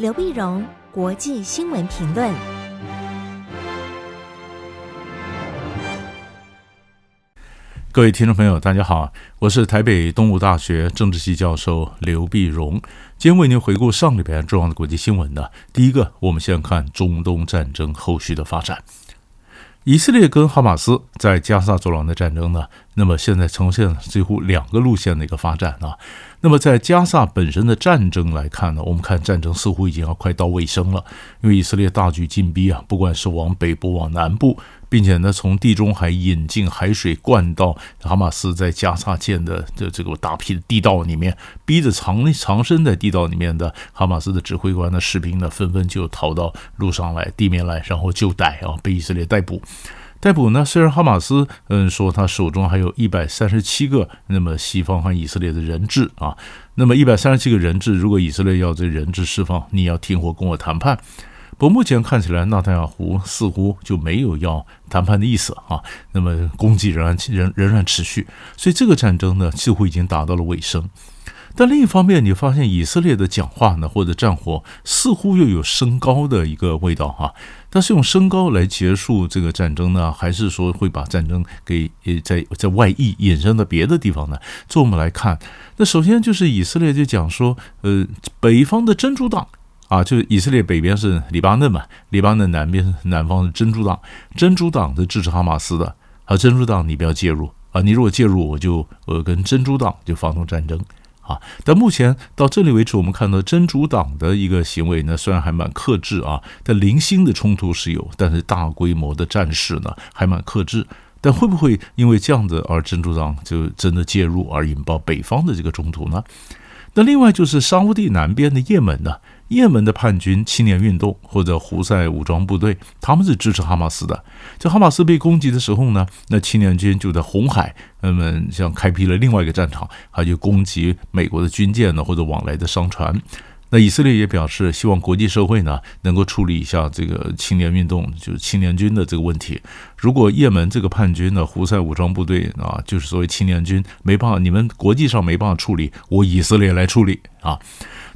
劉必榮，國際新聞評論。各位聽眾朋友，大家好，我是台北東吳大學政治系教授劉必榮，今天為您回顧上禮拜重要的國際新聞呢。的第一個，我們先看中東戰爭後續的發展。以色列跟哈馬斯在加沙走廊的戰爭呢，那麼現在呈現了幾乎兩個路線的一個發展啊。那麼在加沙本身的戰爭來看呢，我們看戰爭似乎已經要快到尾聲了，因為以色列大舉進逼啊，不管是往北部，往南部。並且呢，從地中海引進海水，灌到哈馬斯在加沙建的這這個大批的地道裡面，逼着藏藏身在地道裡面的哈馬斯的指揮官的士兵呢，紛紛就逃到路上來、地面來，然後就逮啊，被以色列逮捕。逮捕呢，雖然哈馬斯嗯說他手中還有一百三十七個，那麼西方和以色列的人質啊，那麼一百三十七個人質，如果以色列要這人質釋放，你要停火，跟我談判。不過目前看起來，納坦雅胡似乎就沒有要談判的意思啊。那麼攻擊仍然、仍然仍然持續，所以這個戰爭呢，似乎已經達到了尾聲。但另一方面，你發現以色列的講話呢，或者戰火似乎又有升高的一個味道哈、啊。但是用升高來結束這個戰爭呢，還是說會把戰爭給呃在在外溢引申到別的地方呢？從我們來看，那首先就是以色列就講說，呃，北方的真主黨。啊，就以色列北邊是黎巴嫩嘛，黎巴嫩南邊南方是真主黨，真主黨的支持哈馬斯的，啊，真主黨你不要介入啊，你如果介入，我就我跟真主黨就發動戰爭啊。但目前到這裡為止，我們看到真主黨的一個行為呢，雖然還蠻克制啊，但零星的衝突是有，但是大規模的戰事呢還蠻克制。但會不會因為這樣子而真主黨就真的介入而引爆北方的這個衝突呢？那另外就是沙烏地南邊的葉門呢？葉門的叛軍青年運動或者胡塞武裝部隊，他們是支持哈馬斯的。在哈馬斯被攻擊的時候呢，那青年軍就在紅海，那麼像開闢了另外一個戰場，還就攻擊美國的軍艦呢，或者往來的商船。那以色列也表示，希望國際社會呢能夠處理一下這個青年運動，就是青年軍的這個問題。如果葉門這個叛軍呢，胡塞武裝部隊啊，就是所謂青年軍沒辦法，你們國際上沒辦法處理，我以色列來處理啊。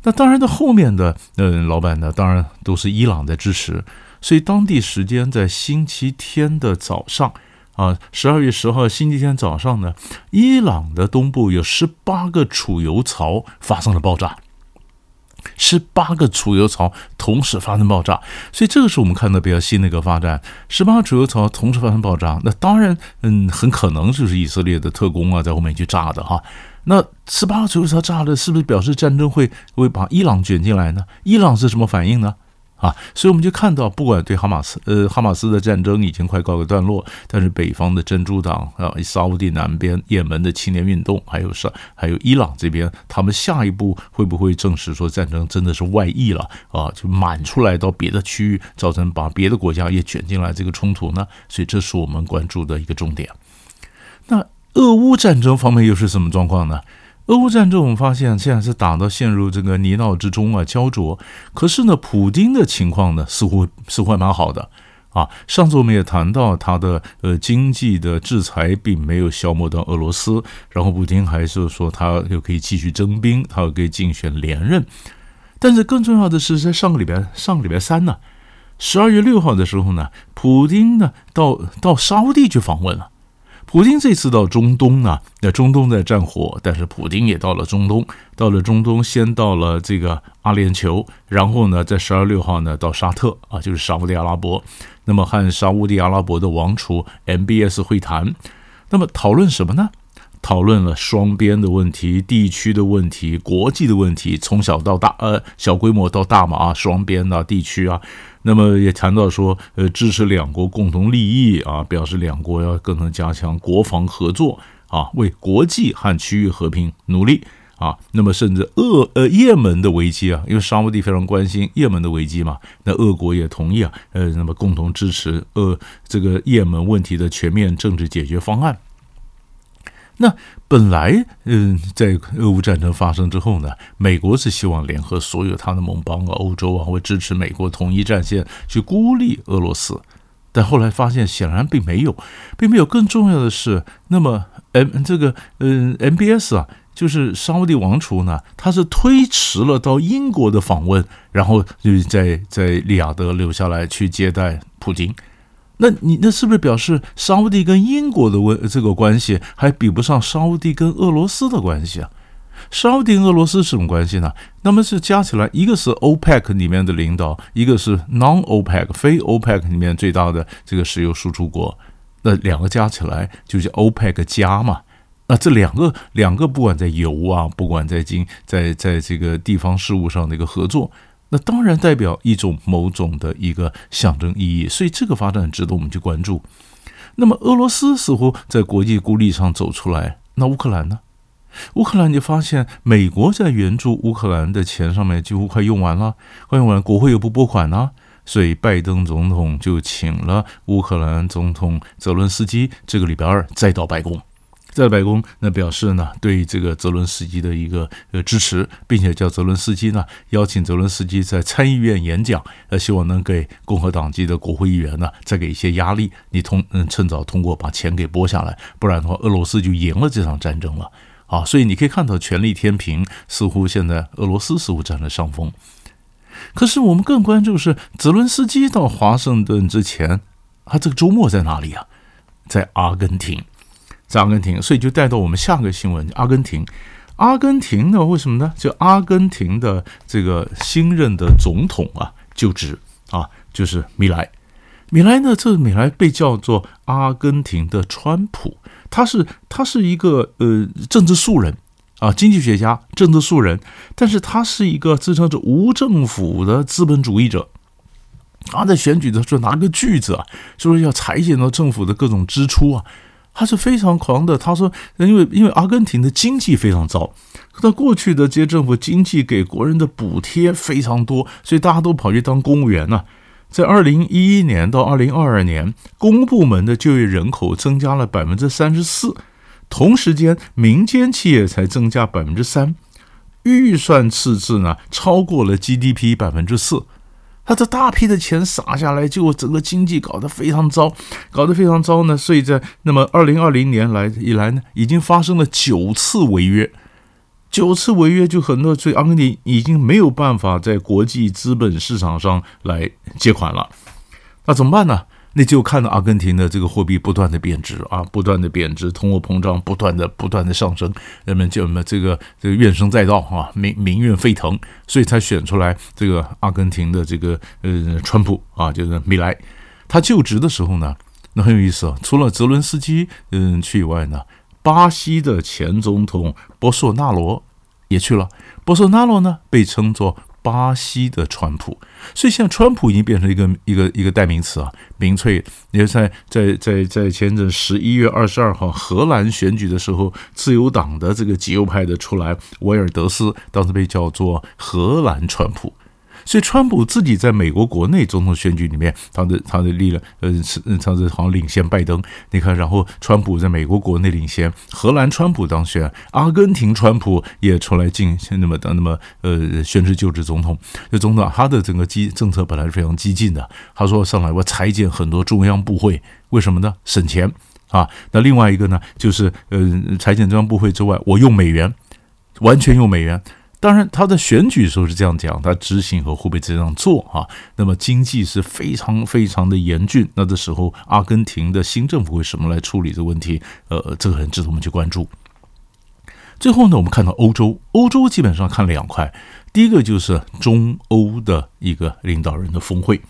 那當然，的後面的嗯，老闆呢，當然都是伊朗在支持。所以當地時間在星期天的早上啊，十二月十號星期天早上呢，伊朗的東部有十八個儲油槽發生了爆炸，十八個儲油槽同時發生爆炸。所以這個是我們看到比較新的一個發展，十八個儲油槽同時發生爆炸。那當然，嗯，很可能就是以色列的特工啊，在後面去炸的哈。那十八號橋為啥炸了？是不是表示戰爭會會把伊朗捲進來呢？伊朗是什麼反應呢？啊，所以我們就看到，不管對哈馬斯，呃，哈馬斯的戰爭已經快告一段落，但是北方的真主黨啊，沙烏地南邊、也門的青年運動，還有什，還有伊朗這邊，他們下一步會不會證實說戰爭真的是外溢了啊？就滿出來到別的區域，造成把別的國家也卷進來這個衝突呢？所以這是我們關注的一個重點。那。俄烏戰爭方面又是什麼狀況呢？俄烏戰爭，我們發現現在是打到陷入這個泥淖之中啊，膠著。可是呢，普丁的情況呢，似乎似乎還蠻好的啊。上次我們也談到，他的呃經濟的制裁並沒有消磨到俄羅斯，然後普丁還是說他又可以繼續徵兵，他又可以競選連任。但是更重要的是，在上個禮拜，上個禮拜三呢，十二月六號的時候呢，普丁呢到到沙烏地去訪問了。普丁這次到中東呢？那中東在戰火，但是普丁也到了中東，到了中東，先到了這個阿聯酋，然後呢，在十二月六號呢到沙特啊，就是沙烏地阿拉伯，那麼和沙烏地阿拉伯的王儲 MBS 會談，那麼討論什麼呢？討論了雙邊的問題、地區的問題、國際的問題，從小到大，呃，小規模到大嘛啊，雙邊啊，地區啊。那麼也談到說，呃，支持兩國共同利益啊，表示兩國要共同加強國防合作啊，為國際和區域和平努力啊。那麼甚至鄂呃，也門的危機啊，因為沙烏地非常關心也門的危機嘛，那俄國也同意啊，呃，那麼共同支持呃這個也門問題的全面政治解決方案。那本來，嗯、呃，在俄烏戰爭發生之後呢，美國是希望聯合所有他的盟邦啊、歐洲啊，會支持美國統一戰線去孤立俄羅斯。但後來發現，顯然並沒有，並沒有。更重要的是，那麼嗯、呃，這個嗯、呃、，MBS 啊，就是沙烏地王儲呢，他是推遲了到英國的訪問，然後就在在利雅得留下來去接待普京。那你那是不是表示沙烏地跟英國的問，這個關係還比不上沙烏地跟俄羅斯的關係啊？沙烏地跟俄羅斯是什麼關係呢？那麼是加起來，一個是 OPEC 裡面的領導，一個是 Non OPEC 非 OPEC 裡面最大的這個石油輸出國，那兩個加起來就叫 OPEC 加嘛？那這兩個兩個不管在油啊，不管在經在在這個地方事務上的一個合作。那當然代表一種某種的一個象徵意義，所以這個發展值得我們去關注。那麼俄羅斯似乎在國際孤立上走出來，那烏克蘭呢？烏克蘭就發現美國在援助烏克蘭的錢上面幾乎快用完了，快用完，國會又不撥款呢，所以拜登總統就請了烏克蘭總統澤倫斯基這個禮拜二再到白宮，在白宮，那表示呢，對於這個澤倫斯基的一個呃支持，並且叫澤倫斯基呢，邀請澤倫斯基在參議院演講，呃，希望能給共和黨籍的國會議員呢再給一些壓力，你通嗯趁早通過把錢給撥下來，不然的話俄羅斯就贏了這場戰爭了啊！所以你可以看到權力天平似乎現在俄羅斯似乎佔了上風。可是我們更關注是澤倫斯基到華盛頓之前，他這個周末在哪裡啊？在阿根廷。阿根廷，所以就帶到我們下個新聞：阿根廷。阿根廷呢，為什麼呢？就阿根廷的這個新任的總統啊就職啊，就是米萊。米萊呢，這米萊被叫做阿根廷的川普。他是，他是一個呃政治素人啊，經濟學家，政治素人。但是他是一個自稱是無政府的資本主義者。他在選舉的時候拿個鋸子啊，說、就是、要裁減到政府的各種支出啊。他是非常狂的。他說：“因為，因為阿根廷的經濟非常糟，他過去的這些政府經濟給國人的補貼非常多，所以大家都跑去當公務員呢、啊。在二零一一年到二零二二年，公部門的就業人口增加了百分之三十四，同時間民間企業才增加百分之三，預算赤字呢超過了 GDP 百分之四。”他這大批的錢撒下來，就整個經濟搞得非常糟，搞得非常糟呢。所以，在那麼二零二零年來以來呢，已經發生了九次違約，九次違約就很多，所以阿根廷已經沒有辦法在國際資本市場上來借款了。那怎麼辦呢？那就看到阿根廷的這個貨幣不斷的貶值啊，不斷的貶值，通貨膨脹不斷的不斷的上升，人們就什麼這個這個怨聲載道啊，民民怨沸騰，所以才選出來這個阿根廷的這個呃川普啊，就是米萊，他就職的時候呢，那很有意思，啊，除了澤倫斯基嗯去以外呢，巴西的前總統博索納羅也去了，博索納羅呢被稱作。巴西的川普，所以現在川普已經變成一個一個一個代名詞啊。民粹，因為在在在在前陣十一月二十二號荷蘭選舉的時候，自由黨的這個極右派的出來，維爾德斯當時被叫做荷蘭川普。所以川普自己在美國國內總統選舉裡面，他的他的力量，呃，是，他是好像領先拜登。你看，然後川普在美國國內領先，荷蘭川普當選，阿根廷川普也出來競選，那麼的那麼呃宣誓就職總統。這總統、啊、他的整個激政策本來是非常激進的，他說上來我裁減很多中央部會，為什麼呢？省錢啊。那另外一個呢，就是呃裁減中央部會之外，我用美元，完全用美元。當然，他在選舉的時候是這樣講，他執行和會幣這樣做啊。那麼經濟是非常非常的嚴峻，那這時候，阿根廷的新政府會什麼來處理這個問題？呃，這個很值得我們去關注。最後呢，我們看到歐洲，歐洲基本上看兩塊，第一個就是中歐的一個領導人的峰會，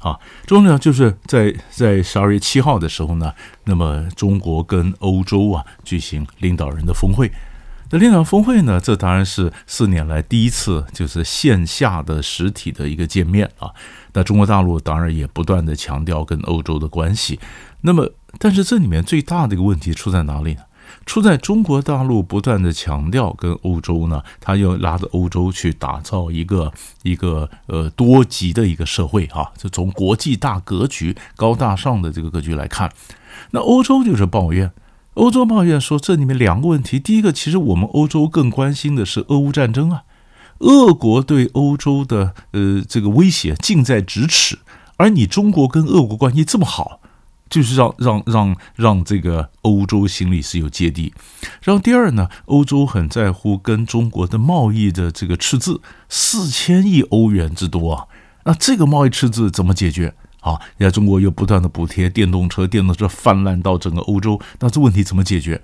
啊，中歐就是在在十二月七號的時候呢，那麼中國跟歐洲啊舉行領導人的峰會。那領導人峰會呢？這當然是四年來第一次，就是線下的實體的一個見面啊。那中國大陸當然也不斷的強調跟歐洲的關係。那麼，但是這裡面最大的一個問題出在哪裡呢？出在中國大陸不斷的強調跟歐洲呢，他要拉着歐洲去打造一個一個呃多極的一個社會啊。就從國際大格局高大上的這個格局來看，那歐洲就是抱怨。歐洲抱怨說，這裡面兩個問題。第一個，其實我們歐洲更關心的是俄烏戰爭啊，俄國對歐洲的呃這個威脅近在咫尺，而你中國跟俄國關係這麼好，就是讓讓讓讓這個歐洲心裡是有芥蒂。然後第二呢，歐洲很在乎跟中國的貿易的這個赤字，四千億歐元之多啊，那這個貿易赤字怎麼解決？啊，人家中國又不斷的補貼電動車，電動車泛濫到整個歐洲，那這問題怎麼解決？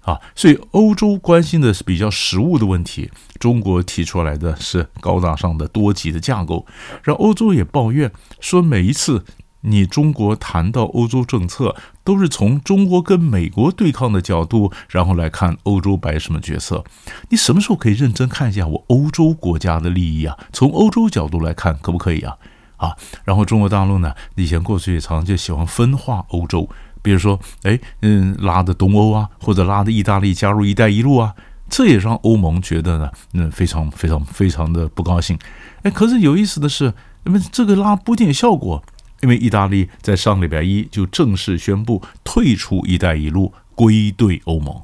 啊，所以歐洲關心的是比較實務的問題，中國提出來的是高大上的多極的架構，讓歐洲也抱怨說，每一次你中國談到歐洲政策，都是從中國跟美國對抗的角度，然後來看歐洲擺什麼角色，你什麼時候可以認真看一下我歐洲國家的利益啊？從歐洲角度來看，可不可以啊？啊，然後中國大陸呢，以前過去也常常就喜歡分化歐洲，比如說，哎，嗯，拉的東歐啊，或者拉的意大利加入“一帶一路”啊，這也讓歐盟覺得呢，嗯，非常非常非常的不高興。哎，可是有意思的是，那麼這個拉不一定有效果，因為意大利在上禮拜一就正式宣布退出“一帶一路”，歸隊歐盟。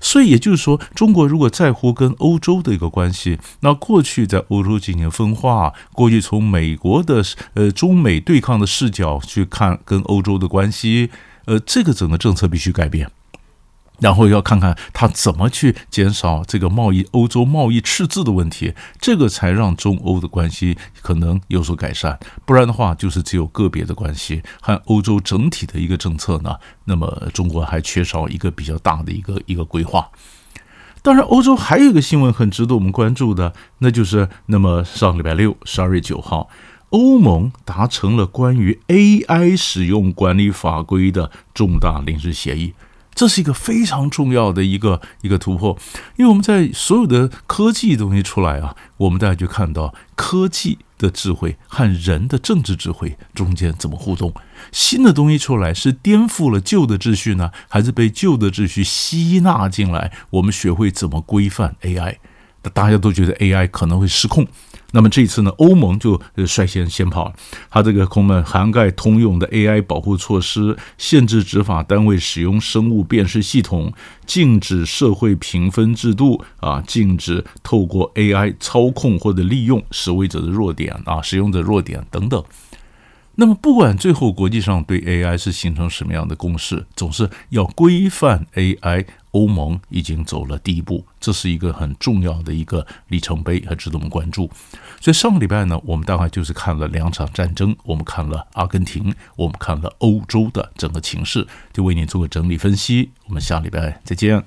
所以也就是說，中國如果在乎跟歐洲的一個關係，那過去在歐洲進行分化，過去從美國的呃中美對抗的視角去看跟歐洲的關係，呃，這個整個政策必須改變。然後要看看他怎麼去減少這個貿易、歐洲貿易赤字的問題，這個才讓中歐的關係可能有所改善。不然的話，就是只有個別的關係和歐洲整體的一個政策呢。那麼，中國還缺少一個比較大的一個一個規劃。當然，歐洲還有一個新聞很值得我們關注的，那就是那麼上禮拜六，十二月九號，歐盟達成了關於 AI 使用管理法規的重大臨時協議。這是一個非常重要的一個一個突破，因為我們在所有的科技東西出來啊，我們大家就看到科技的智慧和人的政治智慧中間怎麼互動。新的東西出來是顛覆了舊的秩序呢，還是被舊的秩序吸納進來？我們學會怎麼規範 AI。那大家都覺得 AI 可能會失控。那麼這一次呢，歐盟就率先先跑了。它這個空呢，涵蓋通用的 AI 保護措施，限制執法單位使用生物辨識系統，禁止社會評分制度，啊，禁止透過 AI 操控或者利用實為者的弱點啊，使用者的弱點等等。那麼，不管最後國際上對 AI 是形成什麼樣的共識，總是要規範 AI。歐盟已經走了第一步，這是一個很重要的一個里程碑，還值得我們關注。所以上個禮拜呢，我們大概就是看了兩場戰爭，我們看了阿根廷，我們看了歐洲的整個情勢，就為您做個整理分析。我們下禮拜再見。